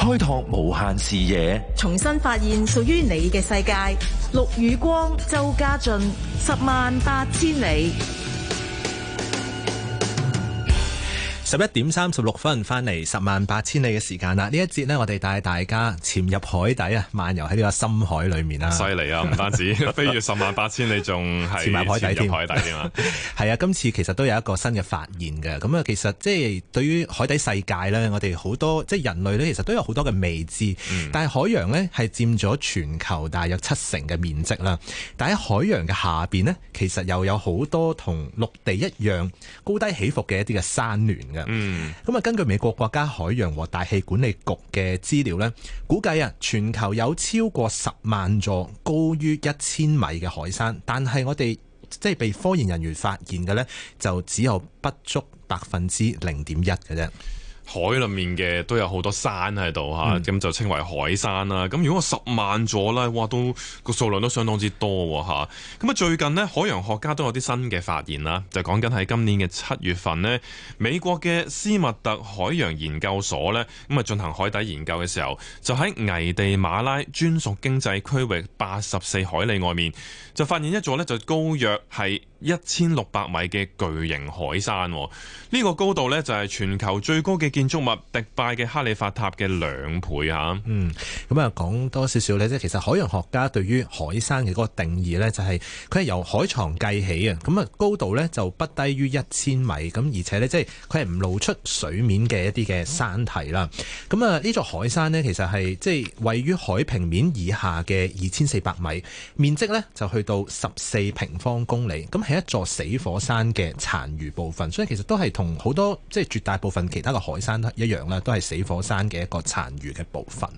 開拓無限視野，重新發現屬於你嘅世界。陸雨光、周家俊，十萬八千里。十一點三十六分翻嚟十萬八千里嘅時間啦！呢一節呢，我哋帶大家潛入海底啊，漫遊喺呢個深海裏面啊。犀利啊，唔單止飛越十萬八千里仲潛埋海底添。係 啊，今次其實都有一個新嘅發現嘅。咁、嗯、啊、嗯，其實即係對於海底世界呢，我哋好多即係人類呢，其實都有好多嘅未知。但係海洋呢，係佔咗全球大約七成嘅面積啦。但喺海洋嘅下邊呢，其實又有好多同陸地一樣高低起伏嘅一啲嘅山巒嘅。嗯，咁啊，根據美國國家海洋和大氣管理局嘅資料呢，估計啊，全球有超過十萬座高於一千米嘅海山，但係我哋即係被科研人員發現嘅呢，就只有不足百分之零點一嘅啫。海裏面嘅都有好多山喺度吓，咁就稱為海山啦。咁如果十萬座呢，哇，都個數量都相當之多喎。咁啊，最近呢，海洋學家都有啲新嘅發現啦，就講緊喺今年嘅七月份呢，美國嘅斯密特海洋研究所呢，咁啊進行海底研究嘅時候，就喺危地馬拉專屬經濟區域八十四海里外面，就發現一座呢，就高約係一千六百米嘅巨型海山，呢個高度呢，就係全球最高嘅建築物迪拜嘅哈利法塔嘅兩倍啊！嗯，咁啊講多少少呢？即係其實海洋學家對於海山嘅個定義呢，就係佢係由海床計起啊，咁啊高度呢就不低於一千米，咁而且呢，即係佢係唔露出水面嘅一啲嘅山體啦。咁啊呢座海山呢，其實係即係位於海平面以下嘅二千四百米，面積呢就去到十四平方公里，咁。係一座死火山嘅殘餘部分，所以其實都係同好多即係絕大部分其他嘅海山一樣啦，都係死火山嘅一個殘餘嘅部分。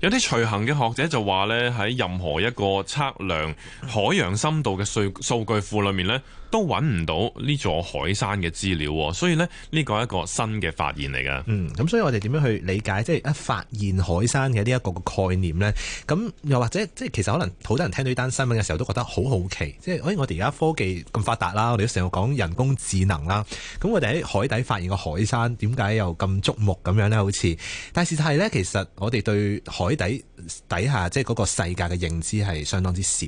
有啲隨行嘅學者就話呢，喺任何一個測量海洋深度嘅數數據庫裏面咧，都揾唔到呢座海山嘅資料，所以咧呢個係一個新嘅發現嚟噶。嗯，咁所以我哋點樣去理解即係一發現海山嘅呢一個概念咧？咁又或者即係其實可能好多人聽到呢單新聞嘅時候都覺得好好奇，即係誒我哋而家科技咁發達啦，我哋都成日講人工智能啦，咁我哋喺海底發現個海山，點解又咁矚目咁樣咧？好似，但事實係咧，其實我哋對海底底下即係嗰個世界嘅認知係相當之少。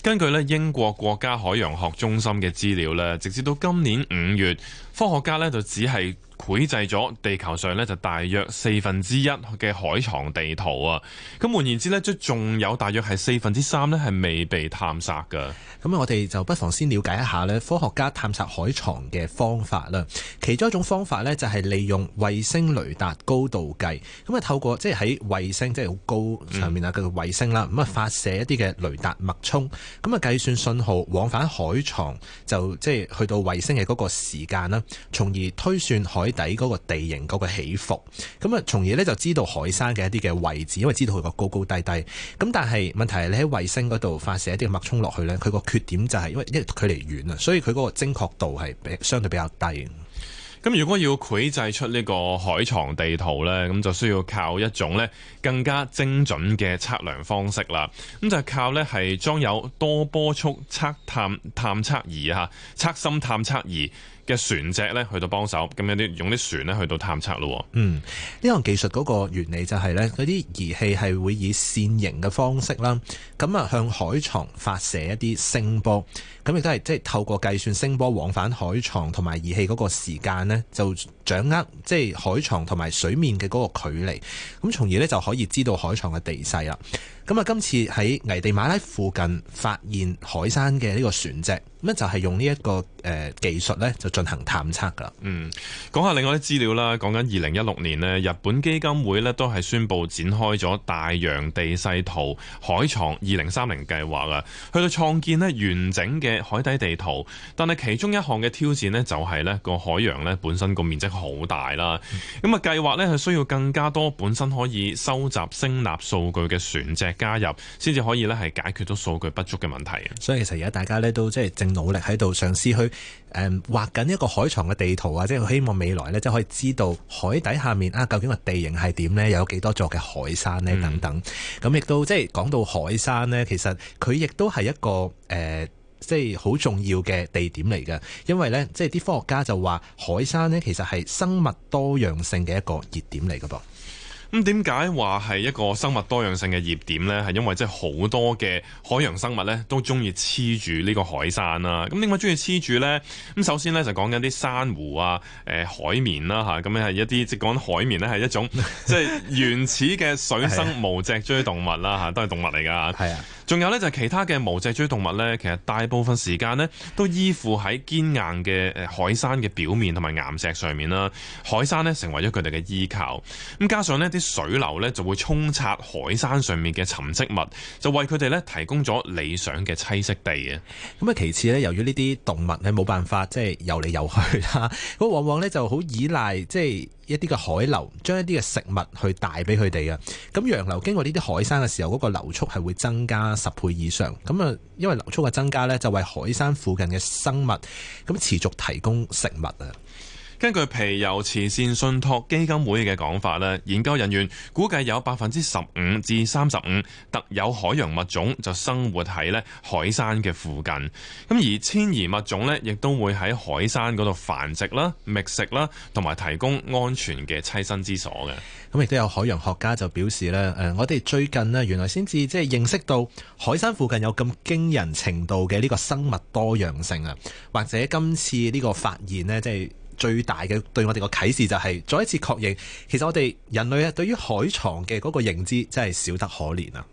根據咧，英國國家海洋學中心。心嘅資料咧，直至到今年五月。科學家咧就只係繪製咗地球上咧就大約四分之一嘅海床地圖啊！咁換言之咧，即仲有大約係四分之三咧係未被探索㗎。咁我哋就不妨先了解一下咧科學家探索海床嘅方法啦。其中一種方法咧就係、是、利用衛星雷達高度計。咁啊，透過即係喺衛星即係好高上面啊嘅衛星啦，咁、嗯、啊發射一啲嘅雷達脈衝，咁啊計算信號往返海床就即、是、係去到衛星嘅嗰個時間啦。從而推算海底嗰個地形嗰個起伏，咁啊，從而咧就知道海山嘅一啲嘅位置，因為知道佢個高高低低。咁但係問題係你喺衛星嗰度發射一啲脈衝落去呢，佢個缺點就係、是、因為一距離遠啊，所以佢嗰個精確度係相對比較低。咁如果要繪製出呢個海床地圖呢，咁就需要靠一種呢更加精準嘅測量方式啦。咁就係、是、靠呢係裝有多波速測探探測儀啊，測深探測儀。嘅船隻咧去到幫手，咁樣啲用啲船咧去到探測咯。嗯，呢項技術嗰個原理就係咧，嗰啲儀器係會以線型嘅方式啦，咁啊向海床發射一啲聲波，咁亦都係即係透過計算聲波往返海床同埋儀器嗰個時間咧，就掌握即係海床同埋水面嘅嗰個距離，咁從而咧就可以知道海床嘅地勢啦。咁啊，今次喺危地馬拉附近發現海山嘅呢個船隻。咁就係用，這個呃，呢一個誒技術咧就進行探測噶。嗯，講下另外啲資料啦。講緊二零一六年呢，日本基金會呢都係宣布展開咗大洋地勢圖海藏二零三零計劃啦。去到創建呢完整嘅海底地圖，但係其中一項嘅挑戰呢就係，是，個海洋呢本身個面積好大啦。咁啊計劃呢係需要更加多本身可以收集聲納數據嘅船隻加入，先至可以呢係解決到數據不足嘅問題。所以其實而家大家呢都即係努力喺度嘗試去誒畫緊一個海床嘅地圖啊，即係希望未來呢即係可以知道海底下面啊究竟個地形係點呢？有幾多座嘅海山呢？等等。咁、嗯、亦都即係講到海山呢，其實佢亦都係一個誒即係好重要嘅地點嚟嘅，因為呢，即係啲科學家就話海山呢其實係生物多樣性嘅一個熱點嚟噶噃。咁點解話係一個生物多樣性嘅熱點呢？係因為即係好多嘅海洋生物呢都中意黐住呢個海山啦，啊。咁點解中意黐住呢？咁首先呢，就講緊啲珊瑚啊、誒海綿啦嚇。咁係一啲即講講海綿呢係一種即係、就是、原始嘅水生無脊椎動物啦、啊、 都係動物嚟㗎 仲有呢，就係其他嘅無脊椎動物呢。其實大部分時間呢，都依附喺堅硬嘅海山嘅表面同埋岩石上面啦。海山呢，成為咗佢哋嘅依靠。咁加上呢啲水流呢，就會沖刷海山上面嘅沉積物，就為佢哋呢提供咗理想嘅棲息地嘅。咁啊，其次呢，由於呢啲動物係冇辦法即係、就是、游嚟游去啦，咁往往呢就好依賴即係一啲嘅海流，將一啲嘅食物去帶俾佢哋嘅。咁洋流經過呢啲海山嘅時候，嗰、那個流速係會增加十倍以上，咁啊，因為流速嘅增加咧，就為海山附近嘅生物咁持續提供食物啊。根據皮尤慈善信託基金會嘅講法咧，研究人員估計有百分之十五至三十五特有海洋物種就生活喺咧海山嘅附近。咁而遷移物種咧，亦都會喺海山嗰度繁殖啦、覓食啦，同埋提供安全嘅棲身之所嘅。咁亦都有海洋學家就表示咧，誒，我哋最近呢，原來先至即係認識到海山附近有咁驚人程度嘅呢個生物多樣性啊，或者今次呢個發現呢，即係。最大嘅對我哋個啟示就係再一次確認，其實我哋人類啊對於海床嘅嗰個認知真係少得可憐啊！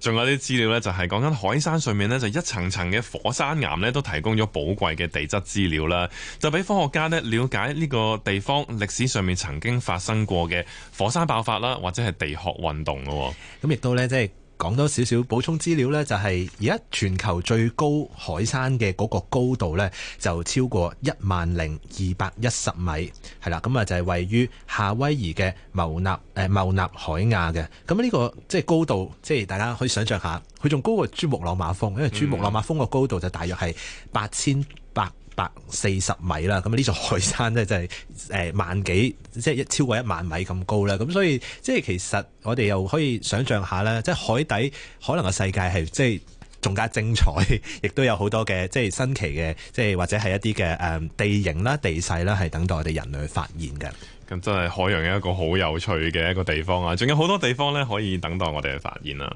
仲有啲資料呢，就係講緊海山上面呢，就一層層嘅火山岩呢，都提供咗寶貴嘅地質資料啦，就俾科學家呢了解呢個地方歷史上面曾經發生過嘅火山爆發啦，或者係地殼運動嘅啊。咁亦都呢，即係。講多少少補充資料呢？就係而家全球最高海山嘅嗰個高度呢，就超過一萬零二百一十米，係啦，咁啊就係位於夏威夷嘅茂納誒茂納海亞嘅。咁呢個即係高度，即係大家可以想像下，佢仲高過珠穆朗瑪峰，因為珠穆朗瑪峰個高度就大約係八千百四十米啦，咁呢座海山咧就係、是、誒、欸、萬幾，即係一超過一萬米咁高啦，咁所以即係其實我哋又可以想象下啦。即係海底可能個世界係即係仲加精彩，亦都有好多嘅即係新奇嘅，即係或者係一啲嘅誒地形啦、地勢啦，係等待我哋人類去發現嘅。咁真係海洋有一個好有趣嘅一個地方啊！仲有好多地方咧可以等待我哋去發現啦、啊。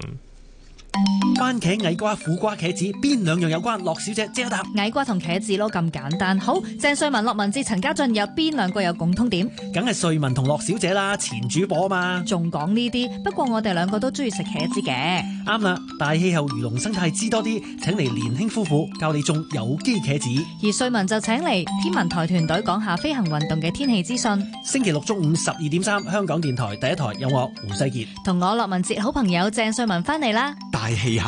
番茄、矮瓜、苦瓜、茄子，邊兩樣有關？樂小姐，即答。矮瓜同茄子咯，咁簡單。好，鄭瑞文、樂文哲、陳家俊，有邊兩個有共通點？梗係瑞文同樂小姐啦，前主播嘛。仲講呢啲，不過我哋兩個都中意食茄子嘅。啱啦，大氣候漁農生態知多啲，請嚟年輕夫婦教你種有機茄子。而瑞文就請嚟天文台團隊講下飛行運動嘅天氣資訊。星期六中午十二點三，香港電台第一台有我胡世杰，同我樂文哲好朋友鄭瑞文翻嚟啦。大氣候。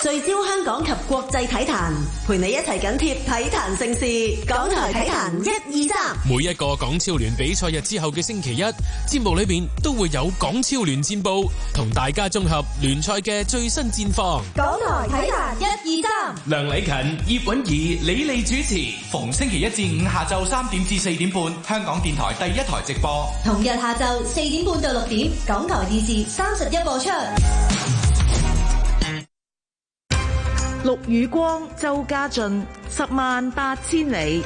聚焦香港及國際體壇，陪你一齊緊貼體壇盛事。港台體壇一二三，每一個港超聯比賽日之後嘅星期一，節目裏邊都會有港超聯戰報，同大家綜合聯賽嘅最新戰況。港台體壇一二三，梁禮勤、葉韻儀、李利主持，逢星期一至五下晝三點至四點半，香港電台第一台直播。同日下晝四點半到六點，港台電視三十一播出。陸雨光，周家俊，十萬八千里。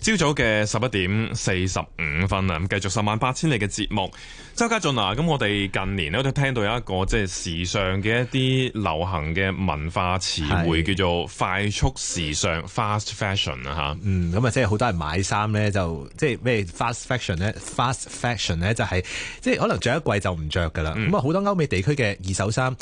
朝早嘅十一點四十五分啦，咁繼續十萬八千里嘅節目。周家俊啊，咁我哋近年咧都聽到有一個即係時尚嘅一啲流行嘅文化詞彙，叫做快速時尚 （fast fashion） 啊，吓。嗯，咁啊，即係好多人買衫咧，就即係咩 fast fashion 咧，fast fashion 咧就係即係可能着一季就唔着噶啦。咁、嗯、啊，好多歐美地區嘅二手衫，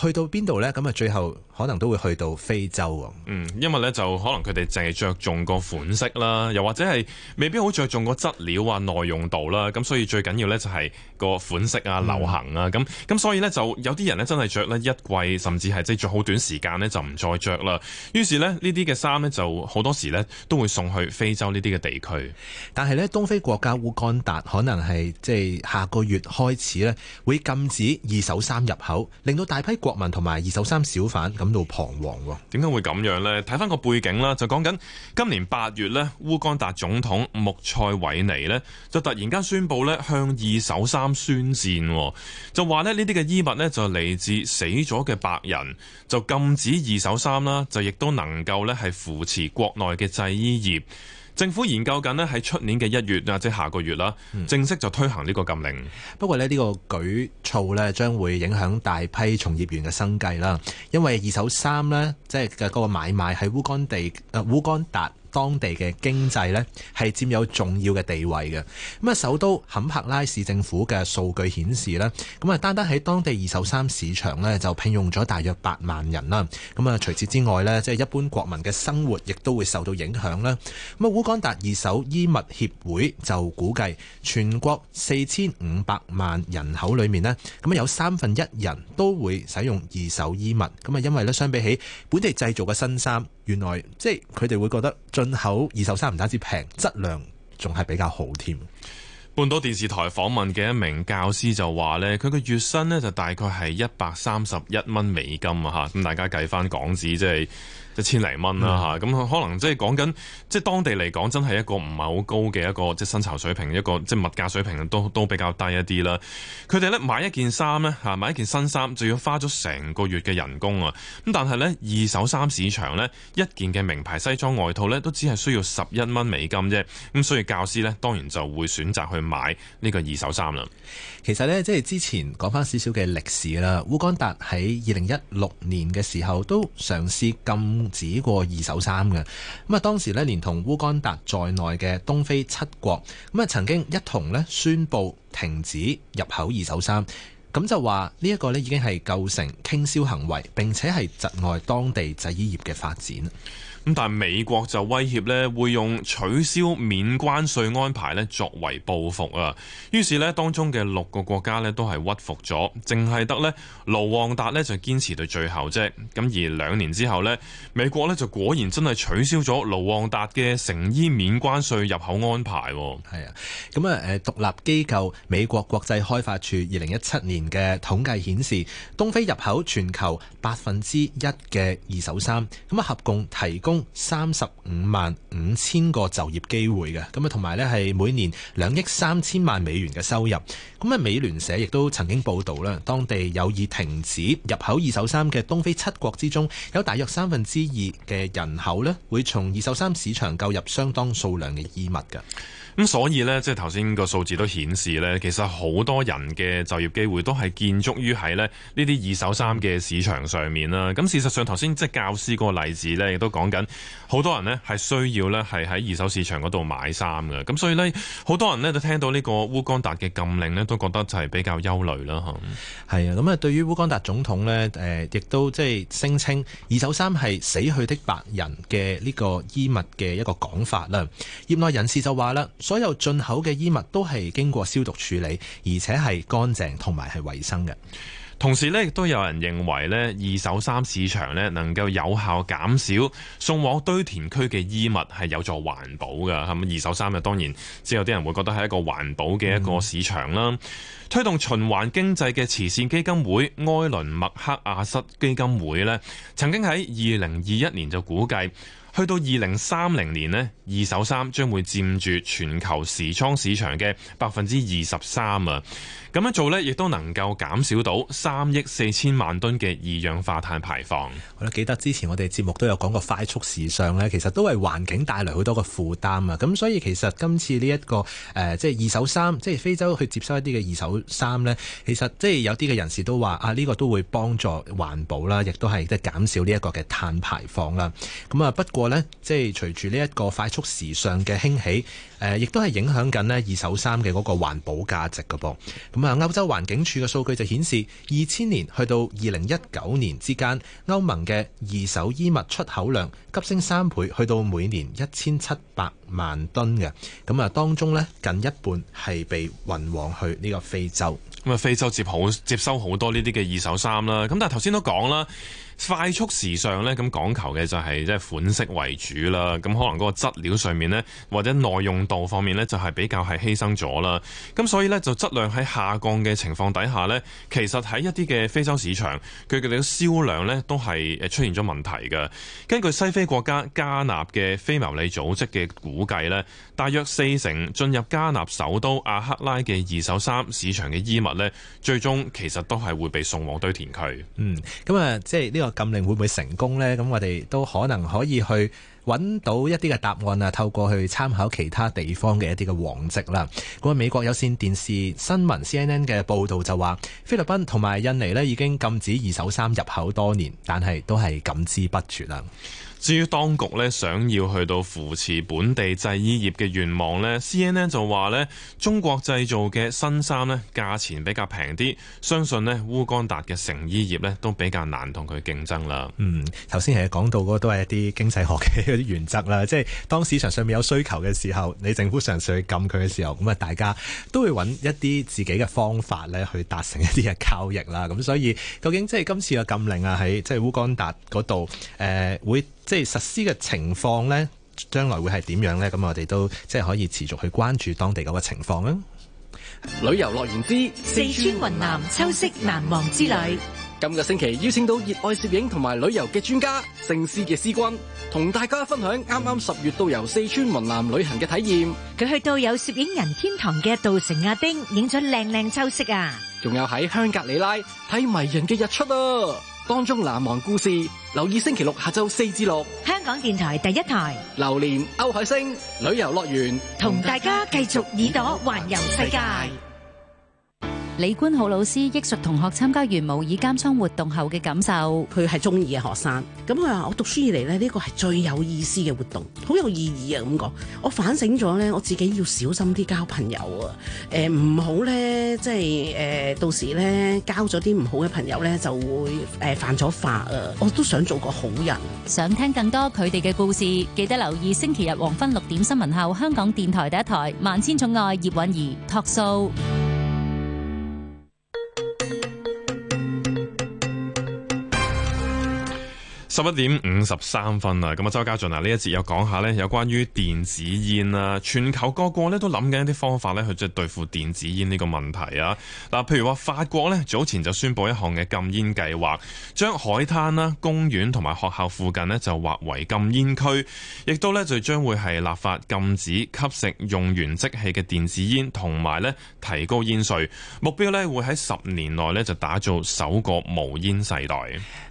去到邊度呢？咁啊，最後可能都會去到非洲。嗯，因為呢，就可能佢哋淨係着重個款式啦，又或者係未必好着重個質料啊、耐用度啦。咁所以最緊要呢，就係個款式啊、流行啊咁。咁、嗯、所以呢，就有啲人呢，真係着呢一季，甚至係即係着好短時間呢，就唔再着啦。於是呢，呢啲嘅衫呢，就好多時呢，都會送去非洲呢啲嘅地區。但係呢，東非國家烏干達可能係即係下個月開始呢，會禁止二手衫入口，令到大批國民同埋二手衫小販感到彷徨，點解會咁樣呢？睇翻個背景啦，就講緊今年八月呢，烏干達總統穆塞韋尼呢就突然間宣布咧，向二手衫宣戰，就話呢，呢啲嘅衣物呢就嚟自死咗嘅白人，就禁止二手衫啦，就亦都能夠呢係扶持國內嘅製衣業。政府研究緊咧，喺出年嘅一月啊，即係下個月啦，正式就推行呢個禁令。嗯、不過咧，呢個舉措咧，將會影響大批從業員嘅生計啦。因為二手衫呢，即係嘅嗰個買賣喺烏干地啊，呃，烏干達。當地嘅經濟呢係佔有重要嘅地位嘅。咁啊，首都坎帕拉市政府嘅數據顯示呢，咁啊，單單喺當地二手衫市場呢就聘用咗大約八萬人啦。咁啊，除此之外呢，即係一般國民嘅生活亦都會受到影響啦。咁啊，烏干達二手衣物協會就估計，全國四千五百萬人口裏面呢，咁啊，有三分一人都會使用二手衣物。咁啊，因為咧，相比起本地製造嘅新衫。原來即係佢哋會覺得進口二手衫唔單止平，質量仲係比較好添。半島電視台訪問嘅一名教師就話呢，佢嘅月薪呢就大概係一百三十一蚊美金啊！嚇，咁大家計返港紙即係，一千零蚊啦吓，咁可能即係講緊，即係當地嚟講真係一個唔係好高嘅一個即係薪酬水平，一個即係物價水平都都比較低一啲啦。佢哋咧買一件衫咧吓買一件新衫就要花咗成個月嘅人工啊！咁但係咧二手衫市場咧，一件嘅名牌西裝外套咧都只係需要十一蚊美金啫。咁所以教師咧當然就會選擇去買呢個二手衫啦。其實咧即係之前講翻少少嘅歷史啦，烏干達喺二零一六年嘅時候都嘗試禁。指過二手衫嘅，咁啊，當時呢連同烏干達在內嘅東非七國咁啊，曾經一同呢宣佈停止入口二手衫，咁就話呢一個呢已經係構成傾銷行為，並且係窒礙當地製衣業嘅發展。咁但係美國就威脅咧，會用取消免關稅安排咧作為報復啊。於是咧，當中嘅六個國家咧都係屈服咗，淨係得咧盧旺達咧就堅持到最後啫。咁而兩年之後咧，美國咧就果然真係取消咗盧旺達嘅成衣免關稅入口安排。係啊，咁啊誒獨立機構美國國際開發署二零一七年嘅統計顯示，東非入口全球百分之一嘅二手衫，咁啊合共提供。三十五萬五千個就業機會嘅，咁啊，同埋呢係每年兩億三千萬美元嘅收入。咁啊，美聯社亦都曾經報道啦，當地有意停止入口二手衫嘅東非七國之中，有大約三分之二嘅人口呢會從二手衫市場購入相當數量嘅衣物嘅。咁所以呢，即係頭先個數字都顯示呢，其實好多人嘅就業機會都係建築於喺咧呢啲二手衫嘅市場上面啦。咁事實上剛才，頭先即係教師個例子呢，亦都講緊。好多人呢係需要呢係喺二手市場嗰度買衫嘅，咁所以呢，好多人呢都聽到呢個烏干達嘅禁令呢都覺得就係比較憂慮啦，吓。係啊，咁啊，對於烏干達總統呢誒，亦都即係聲稱二手衫係死去的白人嘅呢個衣物嘅一個講法啦。業內人士就話啦，所有進口嘅衣物都係經過消毒處理，而且係乾淨同埋係衛生嘅。同時咧，亦都有人認為咧，二手衫市場咧能夠有效減少送往堆填區嘅衣物，係有助環保噶。咁二手衫就當然，之後啲人會覺得係一個環保嘅一個市場啦、嗯。推動循環經濟嘅慈善基金會埃倫麥克阿瑟基金會咧，曾經喺二零二一年就估計，去到二零三零年咧，二手衫將會佔住全球時裝市場嘅百分之二十三啊。咁樣做咧，亦都能夠減少到三億四千萬噸嘅二氧化碳排放。我記得之前我哋節目都有講過快速時尚咧，其實都為環境帶來好多嘅負擔啊。咁所以其實今次呢、這、一個、呃、即係二手衫，即係非洲去接收一啲嘅二手衫呢，其實即係有啲嘅人士都話啊，呢、這個都會幫助環保啦，亦都係即減少呢一個嘅碳排放啦。咁啊，不過呢，即係隨住呢一個快速時尚嘅興起，亦、呃、都係影響緊咧二手衫嘅嗰個環保價值嘅噃。歐洲環境署嘅數據就顯示，二千年去到二零一九年之間，歐盟嘅二手衣物出口量急升三倍，去到每年一千七百萬噸嘅咁啊，當中呢，近一半係被運往去呢個非洲。咁啊，非洲接好接收好多呢啲嘅二手衫啦。咁但係頭先都講啦，快速時尚咧，咁講求嘅就係即係款式為主啦。咁可能嗰個質料上面咧，或者耐用度方面咧，就係比較係犧牲咗啦。咁所以咧，就質量喺下降嘅情況底下咧，其實喺一啲嘅非洲市場佢哋嘅銷量咧都係誒出現咗問題嘅。根據西非國家加納嘅非牟利組織嘅估計咧，大約四成進入加納首都阿克拉嘅二手衫市場嘅衣物咧，最終其實都係會被送往堆填區。嗯。嗯，咁、嗯、啊，即係呢個禁令會唔會成功咧？咁我哋都可能可以去。揾到一啲嘅答案啊，透過去參考其他地方嘅一啲嘅往績啦。咁美國有線電視新聞 C N N 嘅報道就話，菲律賓同埋印尼咧已經禁止二手衫入口多年，但係都係禁之不絕啦。至於當局咧想要去到扶持本地製衣業嘅願望咧，C N N 就話咧，中國製造嘅新衫咧價錢比較平啲，相信咧烏干達嘅成衣業咧都比較難同佢競爭啦。嗯，頭先係講到個都係一啲經濟學嘅。原則啦，即係當市場上面有需求嘅時候，你政府嘗試去撳佢嘅時候，咁啊大家都會揾一啲自己嘅方法咧，去達成一啲嘅交易啦。咁所以究竟即係今次嘅禁令啊，喺即係烏干達嗰度誒，會即係實施嘅情況呢，將來會係點樣呢？咁我哋都即係可以持續去關注當地嗰個情況啦。旅遊樂園之四川，四川雲南秋色難忘之旅。今個星期邀請到熱愛攝影同埋旅遊嘅專家，城市嘅詩君，同大家分享啱啱十月到遊四川雲南旅行嘅體驗。佢去到有攝影人天堂嘅稻城亞丁，影咗靚靚秋色啊！仲有喺香格里拉睇迷人嘅日出啊！當中難忘故事，留意星期六下晝四至六。香港電台第一台，榴蓮歐海星，旅遊樂園，同大家繼續耳朵環遊世界。李官浩老師憶述同學參加完模擬監倉活動後嘅感受，佢係中二嘅學生。咁佢話：我讀書以嚟咧，呢個係最有意思嘅活動，好有意義啊。咁講，我反省咗呢，我自己要小心啲交朋友啊。誒，唔好呢，即係誒，到時呢，交咗啲唔好嘅朋友呢，就會誒犯咗法啊。我都想做個好人。想聽更多佢哋嘅故事，記得留意星期日黃昏六點新聞後，香港電台第一台《萬千寵愛葉韻儀》托數。十一點五十三分啊！咁啊，周家俊啊，呢一節有講下咧，有關於電子煙啊，全球各國咧都諗緊一啲方法咧去即係對付電子煙呢個問題啊。嗱，譬如話法國咧早前就宣布一項嘅禁煙計劃，將海灘啦、公園同埋學校附近咧就劃為禁煙區，亦都咧就將會係立法禁止吸食用完即棄嘅電子煙，同埋咧提高煙稅，目標咧會喺十年內咧就打造首個無煙世代。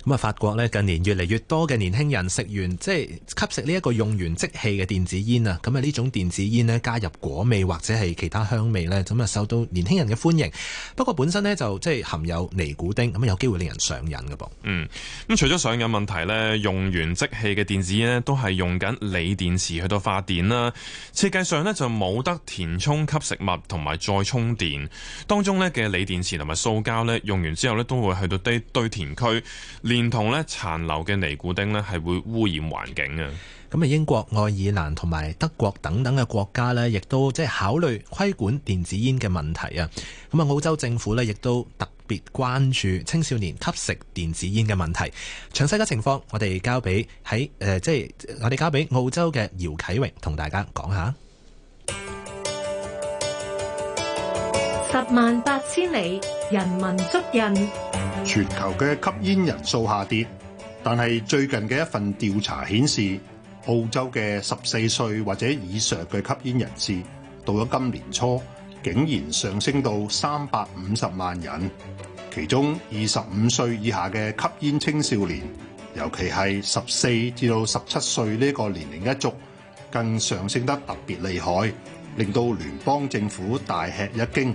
咁啊，法國咧近年越嚟越越多嘅年輕人食完即係吸食呢一個用完即棄嘅電子煙啊，咁啊呢種電子煙呢，加入果味或者係其他香味呢，咁啊受到年輕人嘅歡迎。不過本身呢，就即係含有尼古丁，咁啊有機會令人上癮㗎噃。嗯，咁、嗯、除咗上癮問題呢，用完即棄嘅電子煙呢，都係用緊鋰電池去到發電啦。設計上呢，就冇得填充吸食物同埋再充電。當中呢，嘅鋰電池同埋塑膠呢，用完之後呢，都會去到堆堆填區，連同呢殘留嘅。尼古丁咧係會污染環境嘅，咁啊英國、愛爾蘭同埋德國等等嘅國家呢，亦都即係考慮規管電子煙嘅問題啊。咁啊，澳洲政府呢，亦都特別關注青少年吸食電子煙嘅問題。詳細嘅情況，我哋交俾喺誒，即係我哋交俾澳洲嘅姚啟榮同大家講下。十萬八千里，人文足印。全球嘅吸煙人數下跌。但係最近嘅一份調查顯示，澳洲嘅十四歲或者以上嘅吸煙人士，到咗今年初，竟然上升到三百五十萬人。其中二十五歲以下嘅吸煙青少年，尤其係十四至到十七歲呢個年齡一族，更上升得特別厲害，令到聯邦政府大吃一驚。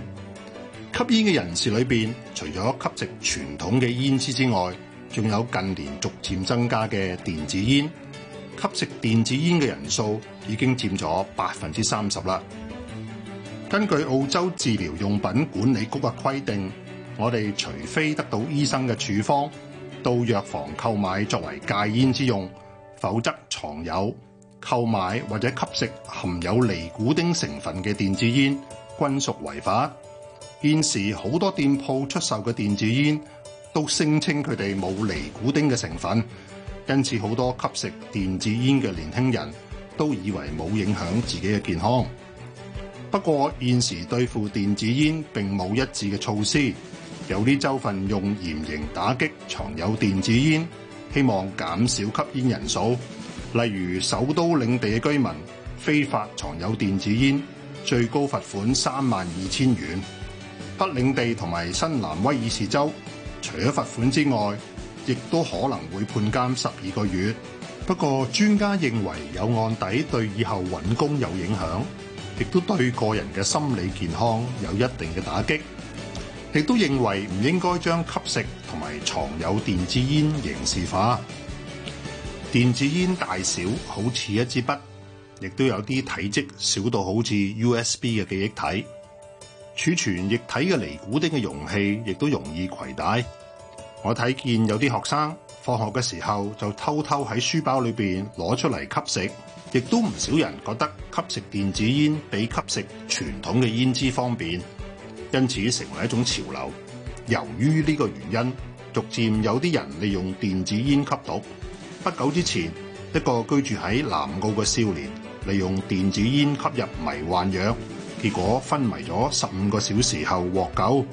吸煙嘅人士裏面，除咗吸食傳統嘅煙支之外，仲有近年逐漸增加嘅電子煙，吸食電子煙嘅人數已經佔咗百分之三十啦。根據澳洲治療用品管理局嘅規定，我哋除非得到醫生嘅處方，到藥房購買作為戒煙之用，否則藏有、購買或者吸食含有尼古丁成分嘅電子煙均屬違法。現時好多店鋪出售嘅電子煙，都聲稱佢哋冇尼古丁嘅成分，因此好多吸食電子煙嘅年輕人都以為冇影響自己嘅健康。不過現時對付電子煙並冇一致嘅措施，有啲州份用嚴刑打擊藏有電子煙，希望減少吸煙人數。例如首都領地嘅居民非法藏有電子煙，最高罰款三萬二千元。北領地同埋新南威爾斯州。除咗罰款之外，亦都可能會判監十二個月。不過專家認為有案底對以後揾工有影響，亦都對個人嘅心理健康有一定嘅打擊。亦都認為唔應該將吸食同埋藏有電子煙刑事化。電子煙大小好似一支筆，亦都有啲體積小到好似 USB 嘅記憶體。儲存液體嘅尼古丁嘅容器亦都容易攜帶。我睇見有啲學生放學嘅時候就偷偷喺書包裏面攞出嚟吸食，亦都唔少人覺得吸食電子煙比吸食傳統嘅煙支方便，因此成為一種潮流。由於呢個原因，逐漸有啲人利用電子煙吸毒。不久之前，一個居住喺南澳嘅少年利用電子煙吸入迷幻藥。結果昏迷咗十五個小時後獲救。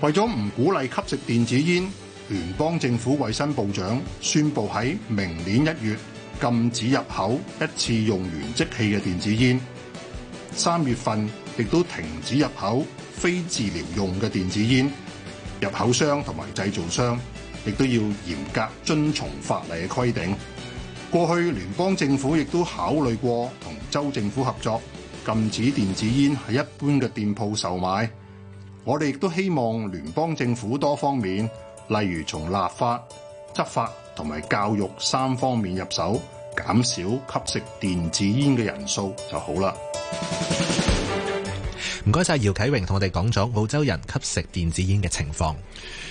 為咗唔鼓勵吸食電子煙，聯邦政府衛生部長宣布喺明年一月禁止入口一次用完即棄嘅電子煙。三月份亦都停止入口非治療用嘅電子煙。入口商同埋製造商亦都要嚴格遵從法例嘅規定。過去聯邦政府亦都考慮過同州政府合作。禁止電子煙喺一般嘅店鋪售賣，我哋亦都希望聯邦政府多方面，例如從立法、執法同埋教育三方面入手，減少吸食電子煙嘅人數就好啦。唔該晒姚啟榮同我哋講咗澳洲人吸食電子煙嘅情況。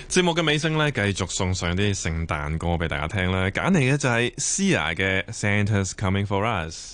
節目嘅尾聲咧，繼續送上啲聖誕歌俾大家聽啦。揀嚟嘅就係 Sia 嘅《Santa's Coming For Us》。